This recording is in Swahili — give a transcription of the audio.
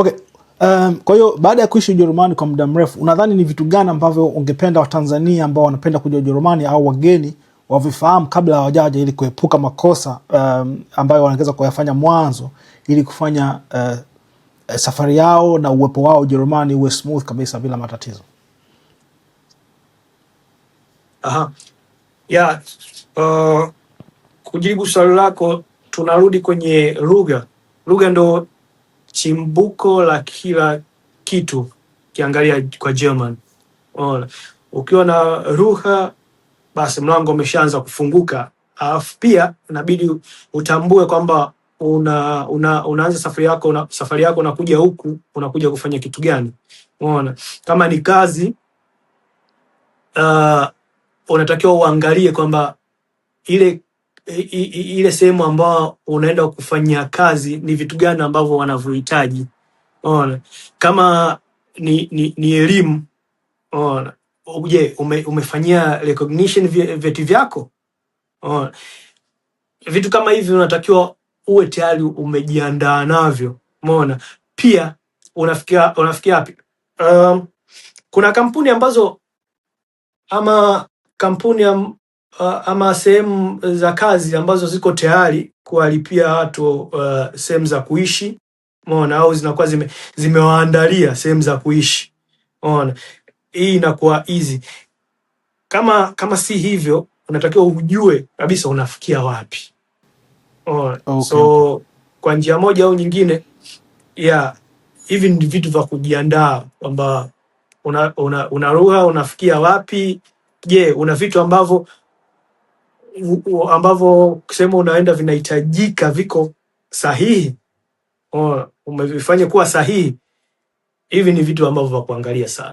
Okay. Um, kwa hiyo baada ya kuishi Ujerumani kwa muda mrefu, unadhani ni vitu gani ambavyo ungependa Watanzania ambao wanapenda kuja Ujerumani au wageni wavifahamu kabla hawajaja ili kuepuka makosa um, ambayo wanaweza kuyafanya mwanzo ili kufanya uh, safari yao na uwepo wao Ujerumani uwe smooth kabisa bila matatizo? Aha. Ya, uh, kujibu swali lako tunarudi kwenye lugha. Lugha ndo chimbuko la kila kitu. kiangalia kwa German, ona ukiwa na lugha basi mlango umeshaanza kufunguka. Alafu pia inabidi utambue kwamba una, una, unaanza safari yako una, safari yako unakuja huku unakuja kufanya kitu gani? Unaona, kama ni kazi uh, unatakiwa uangalie kwamba ile ile sehemu ambao unaenda kufanyia kazi ni vitu gani ambavyo wanavyohitaji. Ona kama ni, ni, ni elimu ona je, ume, umefanyia recognition vyeti vyako? ona. vitu kama hivi unatakiwa uwe tayari umejiandaa navyo. Umeona, pia unafikia unafikia wapi? Um, kuna kampuni ambazo ama kampuni uh, ama sehemu za kazi ambazo ziko tayari kuwalipia watu uh, sehemu za kuishi umeona, au zinakuwa zime zimewaandalia sehemu za kuishi umeona, hii inakuwa easy. Kama kama si hivyo, unatakiwa ujue kabisa unafikia wapi. Okay. So kwa njia moja au nyingine yeah, hivi ni vitu vya kujiandaa kwamba una, una, una lugha unafikia wapi? Je, yeah, una vitu ambavyo ambavyo sehemu unaenda vinahitajika viko sahihi, umevifanya kuwa sahihi, hivi ni vitu ambavyo vya kuangalia sana.